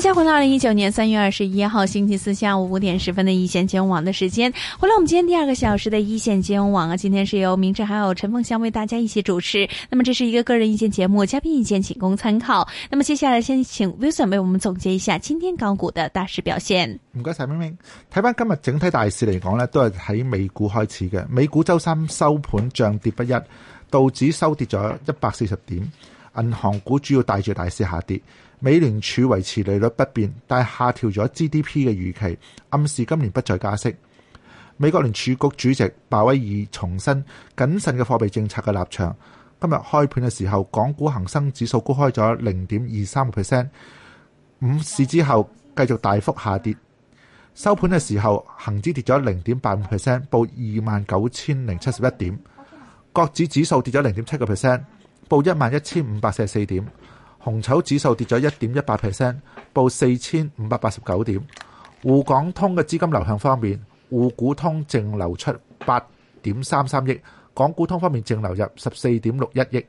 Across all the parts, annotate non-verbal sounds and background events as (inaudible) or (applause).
大家回到二零一九年三月二十一號星期四下午五點十分的一線監網的時間，回來我們今天第二個小時的一線監網啊，今天是由明哲還有陳鳳香為大家一起主持。那麼這是一個個人意見節目，嘉賓意見僅供參考。那麼接下來先請 Wilson 為我們總結一下今天港股的大市表現。唔該晒，明明。睇返今日整體大市嚟講呢，都係喺美股開始嘅。美股周三收盤漲跌不一，道指收跌咗一百四十點。銀行股主要帶住大市下跌，美聯儲維持利率不變，但係下調咗 GDP 嘅預期，暗示今年不再加息。美國聯儲局主席鮑威爾重申謹慎嘅貨幣政策嘅立場。今日開盤嘅時候，港股恒生指數高開咗零點二三個 percent，午市之後繼續大幅下跌，收盤嘅時候恒指跌咗零點八五 percent，報二萬九千零七十一點，國指指數跌咗零點七個 percent。1 報一萬一千五百四十四點，紅籌指數跌咗一點一八 percent，報四千五百八十九點。滬港通嘅資金流向方面，滬股通淨流出八點三三億，港股通方面淨流入十四點六一億。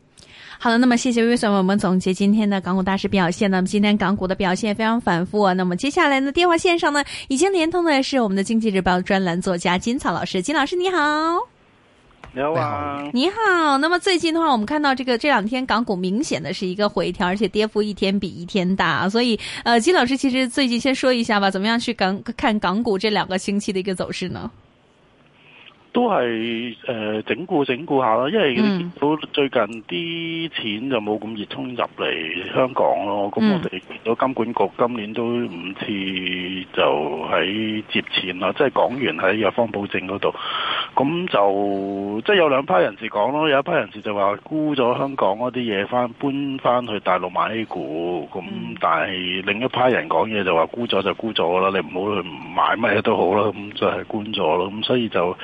好的，那麼謝謝魏生，我們總結今天的港股大市表現。那麼今天港股嘅表現非常反覆啊。那麼接下來呢，電話線上呢，已經連通嘅是我們嘅經濟日報專欄作家金曹老師，金老師你好。你好、啊，你好。那麼最近的話，我們看到這個這兩天港股明顯的是一個回調，而且跌幅一天比一天大。所以，呃，金老師其實最近先說一下吧，怎麼樣去港看，看港股這兩個星期的一個走勢呢？都係誒、呃、整固整固下啦，因為見到最近啲錢就冇咁熱衝入嚟香港咯。咁、嗯、我哋見到金管局今年都五次就喺接錢啦，嗯、即係港元喺弱方保證嗰度。咁就即係有兩批人士講咯，有一批人士就話沽咗香港嗰啲嘢，翻搬翻去大陸買 A 股。咁但係另一批人講嘢就話沽咗就沽咗啦，你唔好去買乜嘢都好啦。咁就係沽咗咯。咁所以就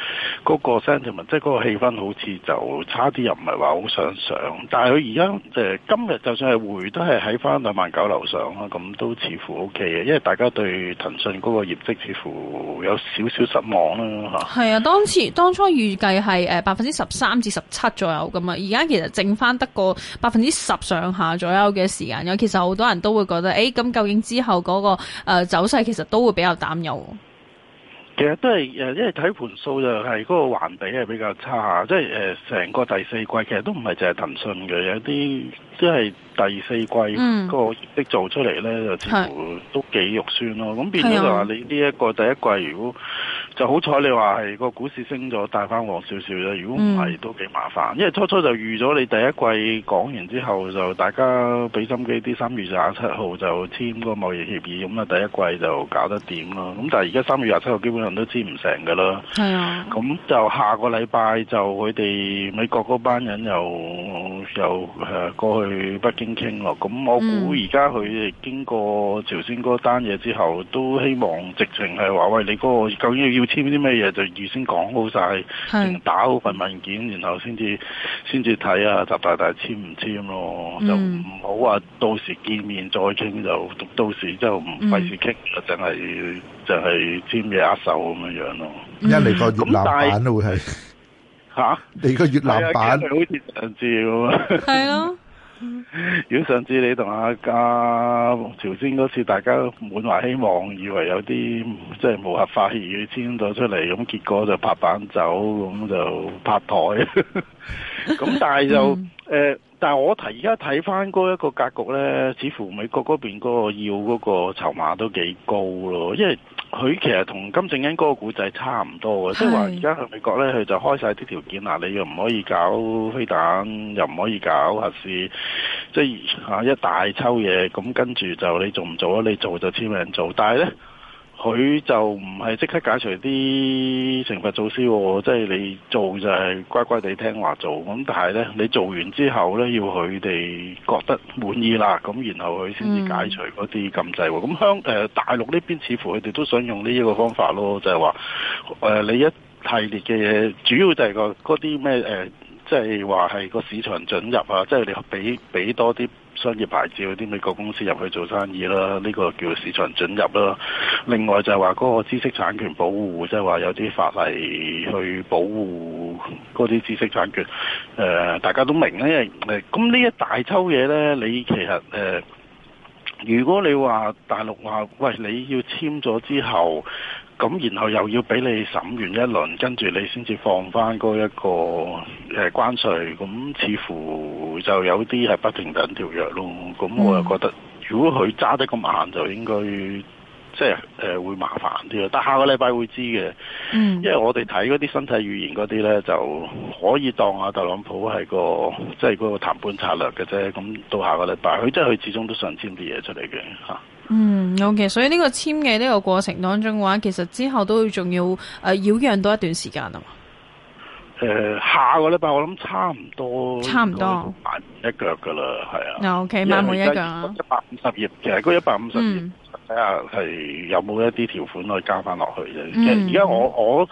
嗰個 sentiment，即係嗰個氣氛，好似就差啲又唔係話好想上。但係佢而家誒今日就算係回都係喺翻兩萬九樓上啦。咁都似乎 OK 嘅，因為大家對騰訊嗰個業績，似乎有少少失望啦吓，係啊，啊當前。當初預計係誒百分之十三至十七左右咁啊，而家其實剩翻得個百分之十上下左右嘅時間有其實好多人都會覺得，誒、欸、咁究竟之後嗰、那個、呃、走勢其實都會比較擔憂。其實都係誒、呃，因為睇盤數就係嗰個環比係比較差，即係誒成個第四季其實都唔係淨係騰訊嘅，有啲即係第四季個業績做出嚟咧、嗯、就似乎都幾肉酸咯。咁的變咗就話你呢一個第一季如果就好彩你話係個股市升咗，帶翻旺少少啫。如果唔係，都幾麻煩。因為初初就預咗你第一季講完之後，就大家俾心機啲。三月廿七號就簽個貿易協議，咁、嗯、啊第一季就搞得掂咯。咁但係而家三月廿七號基本上都簽唔成噶啦。係、啊。咁就下個禮拜就佢哋美國嗰班人又。又誒過去北京傾咯，咁我估而家佢經過朝鮮嗰單嘢之後，都希望直情係話喂，你嗰個究竟要簽啲咩嘢，就預先講好晒，是打好份文件，然後先至先至睇下習大大，大簽唔簽咯，嗯、就唔好話到時見面再傾，就到時就唔費事傾，就係就係簽嘢握手咁樣樣咯，一嚟個咁，南都會係。吓，啊、你個越南版、啊、好似上次咁啊，咯 (laughs) 如果上次你同阿家朝鮮嗰次，大家滿懷希望，以為有啲即係無合法協議簽咗出嚟，咁結果就拍板走，咁就拍台。咁、 (laughs) 嗯、 (laughs) 但係就誒、呃，但係我睇而家睇翻嗰一個格局咧，似乎美國嗰邊嗰個要嗰個籌碼都幾高咯，因為。佢其實同金正恩嗰個古仔差唔多嘅，即係話而家喺美國咧，佢就開晒啲條件，嗱，你又唔可以搞飛彈，又唔可以搞核試，核、就是即係嚇一大抽嘢，咁跟住就你做唔做啊？你做就簽名做，但係咧。佢就唔係即刻解除啲懲罰措施喎，即係你做就係乖乖地聽話做，咁但係呢，你做完之後呢，要佢哋覺得滿意啦，咁然後佢先至解除嗰啲禁制喎。咁香誒大陸呢邊似乎佢哋都想用呢一個方法咯，就係話誒你一系列嘅嘢，主要就係個嗰啲咩誒，即係話係個市場准入啊，即係你俾俾多啲。商業牌照嗰啲美國公司入去做生意啦，呢個叫做市場准入啦。另外就係話嗰個知識產權保護，即係話有啲法例去保護嗰啲知識產權。誒、呃，大家都明啦，因為咁呢、呃、一大抽嘢呢，你其實誒、呃，如果你話大陸話，喂，你要簽咗之後。咁然後又要俾你審完一輪，跟住你先至放翻嗰一個誒關稅，咁似乎就有啲係不平等條約咯。咁我又覺得，如果佢揸得咁慢，就應該。即係誒、呃、會麻煩啲咯，但下個禮拜會知嘅，嗯、因為我哋睇嗰啲身體語言嗰啲咧就可以當啊特朗普係個即係嗰個談判策略嘅啫，咁到下個禮拜佢即係佢始終都想簽啲嘢出嚟嘅嚇。啊、嗯，OK，所以呢個簽嘅呢個過程當中嘅話，其實之後都仲要誒擾攘多一段時間啊。誒、呃，下個禮拜我諗差唔多，差唔多，萬一腳噶啦，係啊。嗱，O K，萬萬一腳。一百五十頁，其實嗰一百五十頁，睇下係有冇一啲條款可以加翻落去啫。而家我我。我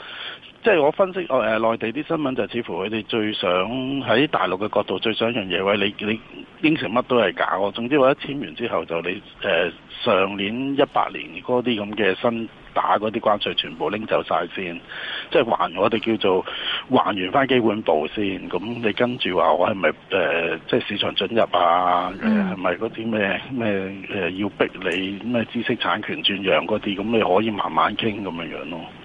即係我分析誒、呃、內地啲新聞就似乎佢哋最想喺大陸嘅角度最想一樣嘢喂，你你應承乜都係假。總之我一簽完之後就你誒、呃、上年一八年嗰啲咁嘅新打嗰啲關稅全部拎走晒先，即係還我哋叫做還原翻基本步先。咁你跟住話我係咪誒即係市場准入啊？係咪嗰啲咩咩誒要逼你咩知識產權轉讓嗰啲？咁你可以慢慢傾咁樣樣咯。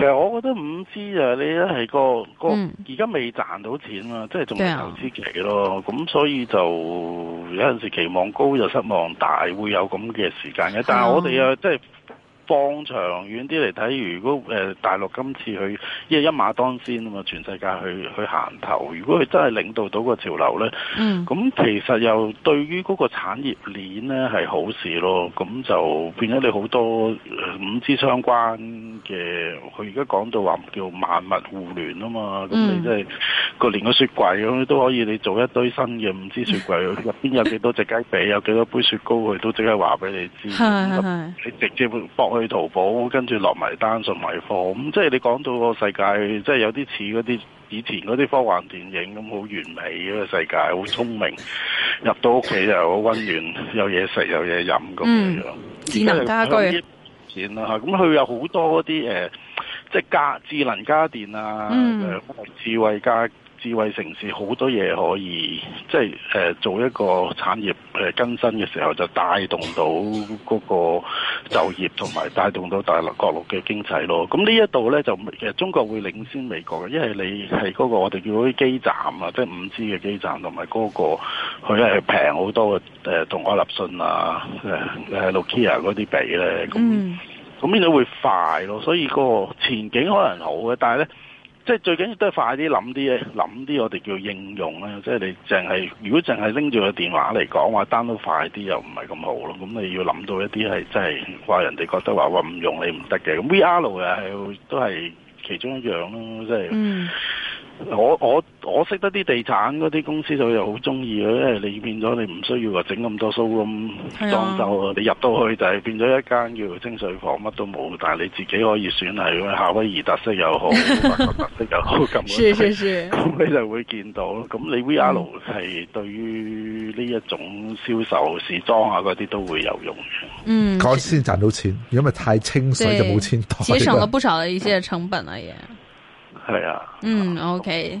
其實我覺得五 G 啊，你咧、啊、係個個而家未賺到錢啊，即係仲係投資期咯。咁 (noise) 所以就有陣時期望高又失望大，會有咁嘅時間嘅。但係我哋啊，即係。 (noise) 放長遠啲嚟睇，如果誒大陸今次佢依個一馬當先啊嘛，全世界去去行頭，如果佢真係領導到個潮流咧，咁其實又對於嗰個產業鏈咧係好事咯。咁就變咗你好多誒 5G 相關嘅，佢而家講到話叫萬物互聯啊嘛，咁、嗯、你真係個連個雪櫃咁你都可以，你做一堆新嘅 5G 雪櫃，入邊 (laughs) (laughs) 寸有幾多隻雞髀，有幾多杯雪糕，佢都即刻話俾你知。咁你直接駁去。去淘寶，跟住落埋單，送埋貨，咁、嗯、即係你講到個世界，即係有啲似嗰啲以前嗰啲科幻電影咁，好完美嘅世界，好聰明。入到屋企又好温暖，有嘢食，有嘢飲咁樣。智能家居，嗯，咁佢有好多嗰啲誒，即係家智能家電啊，嗯呃、智慧家。智慧城市好多嘢可以，即係誒、呃、做一個產業誒更新嘅時候，就帶動到嗰個就業同埋帶動到大陸各路嘅經濟咯。咁呢一度咧就誒中國會領先美國嘅，因為你係嗰個我哋叫嗰啲基站啊，即係五 G 嘅基站同埋嗰個佢係平好多嘅誒同愛立信啊、誒、嗯、Nokia 嗰啲比咧，咁咁邊度會快咯？所以嗰個前景可能好嘅，但係咧。即係最緊要都係快啲諗啲嘢，諗啲我哋叫應用啦。即係你淨係如果淨係拎住個電話嚟講話，download 快啲又唔係咁好咯。咁你要諗到一啲係真係話人哋覺得話唔用你唔得嘅咁 VR 又係都係。其中一樣咯，即係、嗯、我我我識得啲地產嗰啲公司就又好中意嘅，因為你變咗你唔需要話整咁多 show 咁裝修啊，你入到去就係變咗一間叫清水房，乜都冇，但係你自己可以選係夏威夷特色又好，亞洲特色又好咁樣。咁你就會見到。咁你 VR 係、嗯、對於呢一種銷售試裝啊嗰啲都會有用。嗯，嗰先賺到錢，如果唔係太清水就冇錢袋。節省咗不少嘅一些成本啦、啊，也係啊。嗯，OK。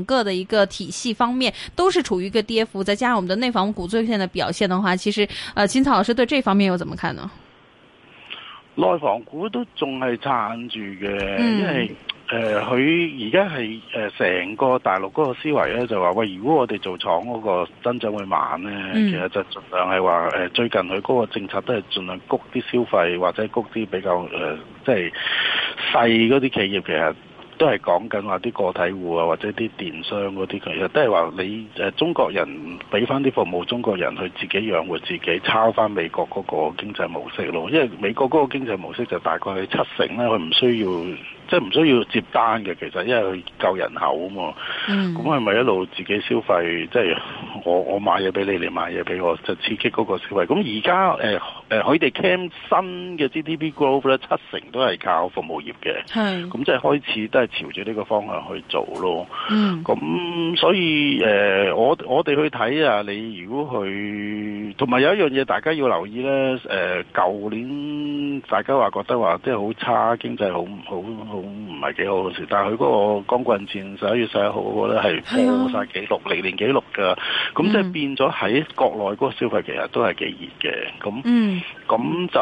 整個的一個體系方面都是處於一個跌幅，再加上我們的內房股最近的表現的話，其實，呃，金曹老師對這方面又怎麼看呢？內房股都仲係撐住嘅，因為，誒、嗯，佢而家係，誒，成、呃、個大陸嗰個思維咧就話喂，如果我哋做廠嗰個增長會慢咧，其實就盡量係話，誒、呃，最近佢嗰個政策都係盡量谷啲消費或者谷啲比較，誒、呃，即係細嗰啲企業其實。都係講緊話啲個體戶啊，或者啲電商嗰啲，其實都係話你誒中國人俾翻啲服務，中國人去自己養活自己，抄翻美國嗰個經濟模式咯。因為美國嗰個經濟模式就大概係七成咧，佢唔需要。即係唔需要接單嘅，其實因為佢夠人口啊嘛。嗯。咁係咪一路自己消費？即係我我買嘢俾你，你買嘢俾我，就刺激嗰個消費。咁而家誒誒，海地 Cam 新嘅 GDP growth 咧，七成都係靠服務業嘅。係。咁即係開始都係朝住呢個方向去做咯。嗯。咁所以誒，我我哋去睇啊，你如果去，同埋有一樣嘢大家要留意咧。誒，舊年大家話覺得話即係好差經濟，好唔好。唔係幾好嘅事，但係佢嗰個光棍節十一月十一號嗰個咧係破晒記錄，歷年、啊、紀錄㗎。咁即係變咗喺國內嗰個消費其實都係幾熱嘅。咁咁、嗯、就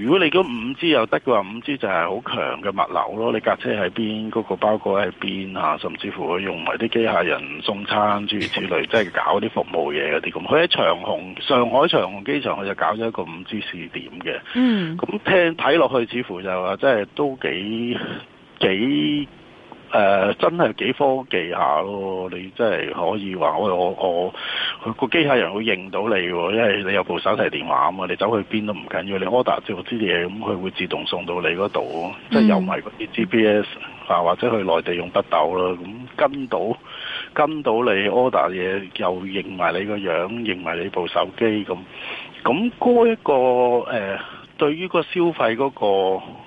如果你講五 G 又得嘅話，五 G 就係好強嘅物流咯。你架車喺邊，嗰、那個包裹喺邊啊？甚至乎佢用埋啲機械人送餐諸如此類，即係搞啲服務嘢嗰啲咁。佢喺長虹、上海長虹機場，佢就搞咗一個五 G 試點嘅。咁、嗯、聽睇落去，似乎就話、是、即係都幾。幾誒、呃，真係幾科技下咯！你真係可以話我我我個機械人會認到你嘅，因為你有部手提電話啊嘛，你走去邊都唔緊要，你 order 做啲嘢，咁佢會自動送到你嗰度，即係又唔係嗰啲 GPS 啊，或者去內地用北斗啦，咁跟到跟到你 order 嘢，又認埋你個樣，認埋你部手機咁，咁嗰一個誒。對於個消費、嗰個，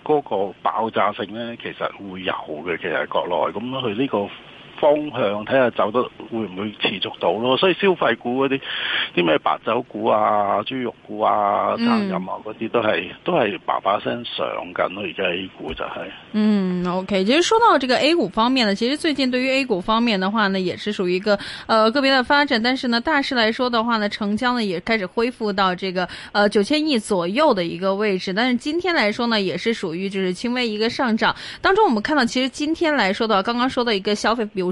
嗰個嗰個爆炸性咧，其實會有嘅，其實係國內咁佢呢個。方向睇下走得會唔會持續到咯，所以消費股嗰啲啲咩白酒股啊、豬肉股啊、餐飲啊嗰啲都係都係把把聲上緊咯，而家 A 股就係、是、嗯 OK，其實說到這個 A 股方面呢，其實最近對於 A 股方面的話呢，也是屬於一個呃個別的發展，但是呢大勢來說的話呢，成交呢也開始恢復到這個呃九千億左右的一個位置，但是今天來說呢，也是屬於就是輕微一個上漲當中，我們看到其實今天來說的話，剛剛說到一個消費。比如。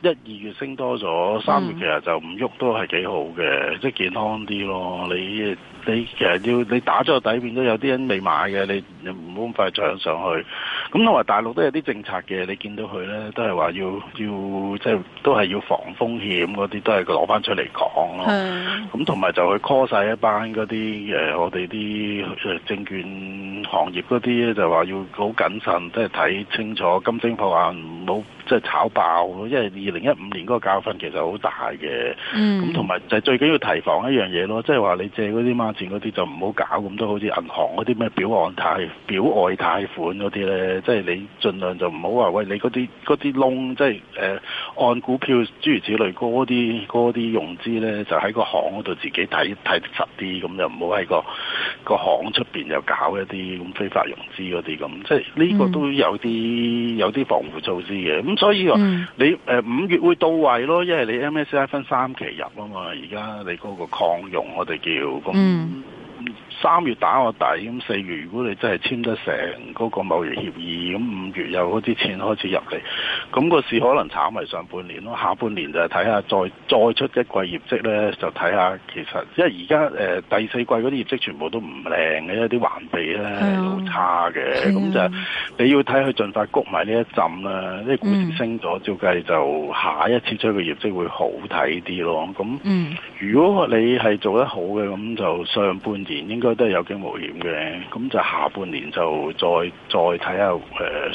一二月升多咗，三月其實就唔喐都係幾好嘅，mm. 即係健康啲咯。你你其實要你打咗個底，面都有啲人未買嘅，你唔好咁快搶上去。咁同埋大陸都有啲政策嘅，你見到佢咧都係話要要即係都係要防風險嗰啲，都係攞翻出嚟講咯。咁同埋就去 call 晒一班嗰啲誒，我哋啲誒證券行業嗰啲咧，就話要好謹慎，即係睇清楚金睛火眼，唔好即係炒爆咯，因為二零一五年嗰個教訓其實好大嘅，咁同埋就係最緊要提防一樣嘢咯，即係話你借嗰啲孖展嗰啲就唔好搞咁多，好似銀行嗰啲咩表按貸、表外貸款嗰啲咧，即係你盡量就唔好話喂，你嗰啲嗰啲窿，即係誒按股票諸如此類嗰啲嗰啲融資咧，就喺個行嗰度自己睇睇實啲，咁就唔好喺個個行出邊又搞一啲咁非法融資嗰啲咁，即係呢個都有啲、嗯、有啲防護措施嘅，咁所以話、嗯、你誒、呃咁五月會到位咯，因為你 MSCI 分三期入啊嘛，而家你嗰個擴容，我哋叫咁。三月打個底，咁四月如果你真係簽得成嗰個貿易協議，咁五月又嗰啲錢開始入嚟，咁、嗰個市可能炒埋上半年咯，下半年就睇下再再出一季業績咧，就睇下其實，因為而家誒第四季嗰啲業績全部都唔靚嘅，一啲環比咧係好差嘅，咁的就你要睇佢盡快谷埋呢一浸啦。即股市升咗，嗯、照計就下一次出嘅業績會好睇啲咯。咁、嗯、如果你係做得好嘅，咁就上半年應該，都係有驚無險嘅，咁就下半年就再再睇下誒，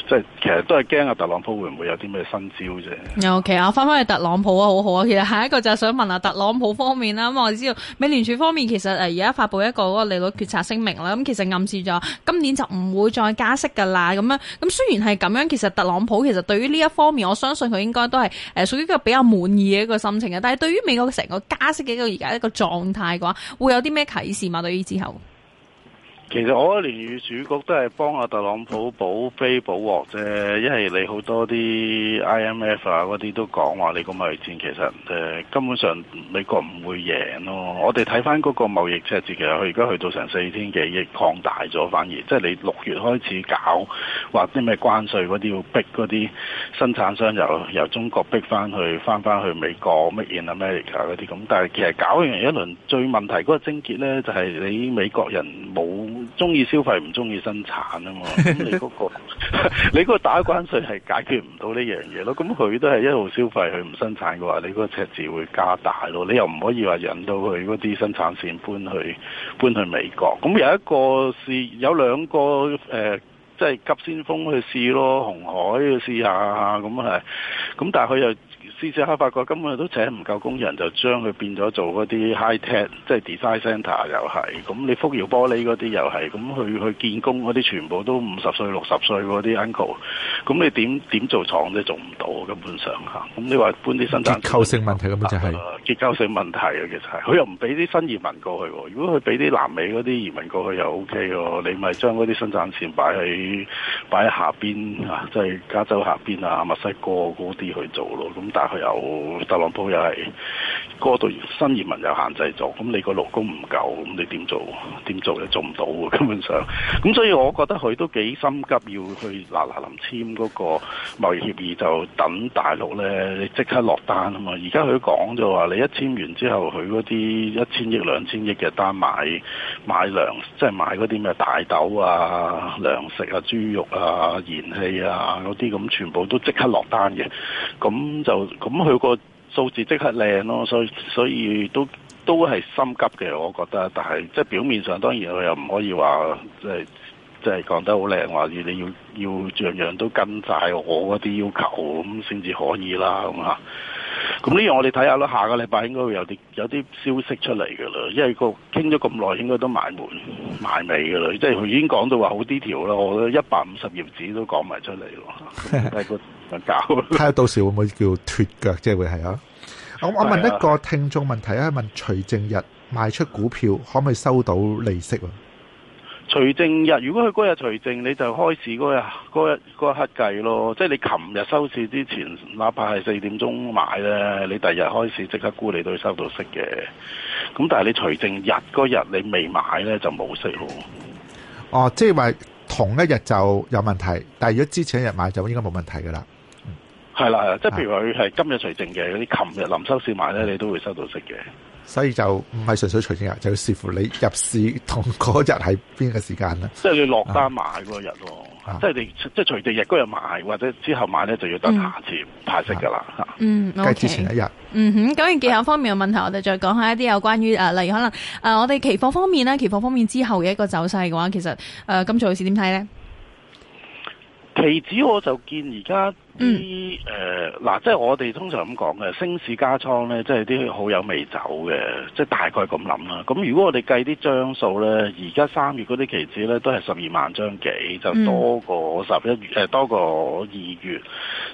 即係其實都係驚阿特朗普會唔會有啲咩新招啫。OK 啊，翻返去特朗普啊，好好啊。其實下一個就係想問下特朗普方面啦，咁、嗯、我哋知道美聯儲方面其實誒而家發布一個嗰個利率決策聲明啦，咁、嗯、其實暗示咗今年就唔會再加息噶啦。咁樣咁雖然係咁樣，其實特朗普其實對於呢一方面，我相信佢應該都係誒屬於一個比較滿意嘅一個心情嘅。但係對於美國成個加息嘅一個而家一個狀態嘅話，會有啲咩啟示嘛？對於之後？其實我連儲局都係幫阿特朗普補飛補鑊啫，因為你好多啲 IMF 啊嗰啲都講話你個貿易戰其實誒、呃、根本上美國唔會贏咯、啊。我哋睇翻嗰個貿易赤字其實佢而家去到成四千幾億，擴大咗反而，即係你六月開始搞話啲咩關稅嗰啲要逼嗰啲生產商由由中國逼翻去翻翻去美國 Make in America 嗰啲咁，但係其實搞完一輪最問題嗰個症結咧就係、是、你美國人冇。中意消費唔中意生產啊嘛，你嗰個你嗰個打關稅係解決唔到呢樣嘢咯。咁佢都係一路消費，佢唔生產嘅、那個、 (laughs) 話，你嗰個赤字會加大咯。你又唔可以話引到佢嗰啲生產線搬去搬去美國。咁有一個是有兩個誒，即、呃、係、就是、急先鋒去試咯，紅海去試下咁係，咁但係佢又。呢試嚇發覺根本都請唔夠工人，就將佢變咗做嗰啲 high tech，即係 design center 又係。咁你覆搖玻璃嗰啲又係，咁佢去建工嗰啲全部都五十歲六十歲嗰啲 uncle。咁 un 你點點做廠咧，做唔到，根本上嚇。咁你話搬啲生產線，結構性問題咁就係、是。結構性問題啊，其實係。佢又唔俾啲新移民過去。如果佢俾啲南美嗰啲移民過去又 OK 喎，你咪將嗰啲生產線擺喺擺喺下邊啊，即係加州下邊啊、墨西哥嗰啲去做咯。咁但由特朗普又係過到新移民又限制做，咁你個勞工唔夠，咁你點做？點做又做唔到，根本上。咁所以我覺得佢都幾心急，要去嗱嗱臨簽嗰個貿易協議，就等大陸呢，你即刻落單啊嘛！而家佢講就話，你一簽完之後，佢嗰啲一千億兩千億嘅單買買糧，即係買嗰啲咩大豆啊、糧食啊、豬肉啊、燃氣啊嗰啲，咁全部都即刻落單嘅，咁就。咁佢個數字即刻靚咯，所以所以都都係心急嘅，我覺得。但係即係表面上當然佢又唔可以話即係即係講得好靚，話要你要要樣樣都跟晒我嗰啲要求咁先至可以啦，咁嚇。咁呢樣我哋睇下咯，下個禮拜應該會有啲有啲消息出嚟嘅啦，因為個傾咗咁耐，應該都埋門埋尾嘅啦，即係佢已經講到話好啲條啦，我覺得一百五十頁紙都講埋出嚟咯，係個搞。睇下到時會唔會叫脫腳，即係會係啊？我我問一個聽眾問題啊，問徐正日賣出股票可唔可以收到利息？除淨日，如果佢嗰日除淨，你就開始嗰、那個、日嗰日嗰一刻計咯。即係你琴日收市之前，哪怕係四點鐘買咧，你第二日開始即刻沽你都會收到息嘅。咁但係你除淨日嗰日你未買咧，就冇息咯。哦，即係話同一日就有問題，但係如果之前一日買就應該冇問題㗎啦。係啦，即係譬如佢係今日除淨嘅，嗰啲琴日臨收市買咧，你都會收到息嘅。所以就唔係純粹隨機嘅，就要視乎你入市同嗰日係邊個時間啦。即係你落單買嗰日咯，啊、即係你即係隨地日嗰日買，或者之後買咧就要等下次派息噶啦吓。嗯，O K。之前一日，嗯哼，講完技巧方面嘅問題，啊、我哋再講下一啲有關於誒，例如可能誒、啊，我哋期貨方面咧，期貨方面之後嘅一個走勢嘅話，其實誒，金曹女士點睇咧？期指我就見而家啲誒嗱，即係我哋通常咁講嘅，升市加倉咧，即係啲好友未走嘅，即係大概咁諗啦。咁如果我哋計啲張數咧，而家三月嗰啲期指咧都係十二萬張幾，就多過十一月誒、呃、多過二月，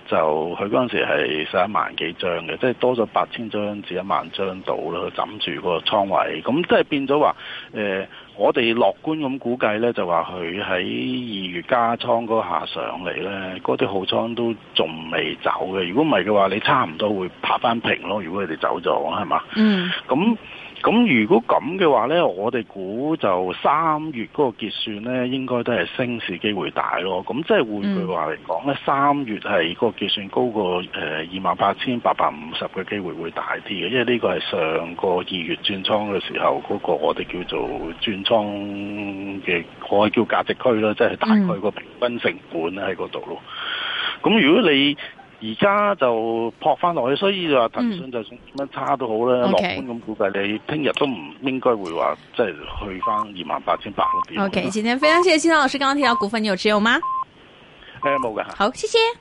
就佢嗰陣時係十一萬幾張嘅，即係多咗八千張至一萬張到啦。佢枕住個倉位，咁即係變咗話誒。呃我哋樂觀咁估計咧，就話佢喺二月加倉嗰下上嚟咧，嗰啲好倉都仲未走嘅。如果唔係嘅話，你差唔多會爬翻平咯。如果佢哋走咗，係嘛？嗯，咁。咁如果咁嘅話呢，我哋估就三月嗰個結算呢，應該都係升市機會大咯。咁即係換句話嚟講呢，三月係個結算高過誒二萬八千八百五十嘅機會會大啲嘅，因為呢個係上個二月轉倉嘅時候嗰個我哋叫做轉倉嘅，我哋叫價值區啦，即係大概個平均成本喺嗰度咯。咁、mm. 如果你而家就撲翻落去，所以話騰訊就算點樣差都好啦。樂觀咁估計你，你聽日都唔應該會話即係去翻二萬八千八嗰啲。OK，今天非常謝謝先生老師剛剛提到股份，你有持有嗎？誒、呃，冇噶。好，謝謝。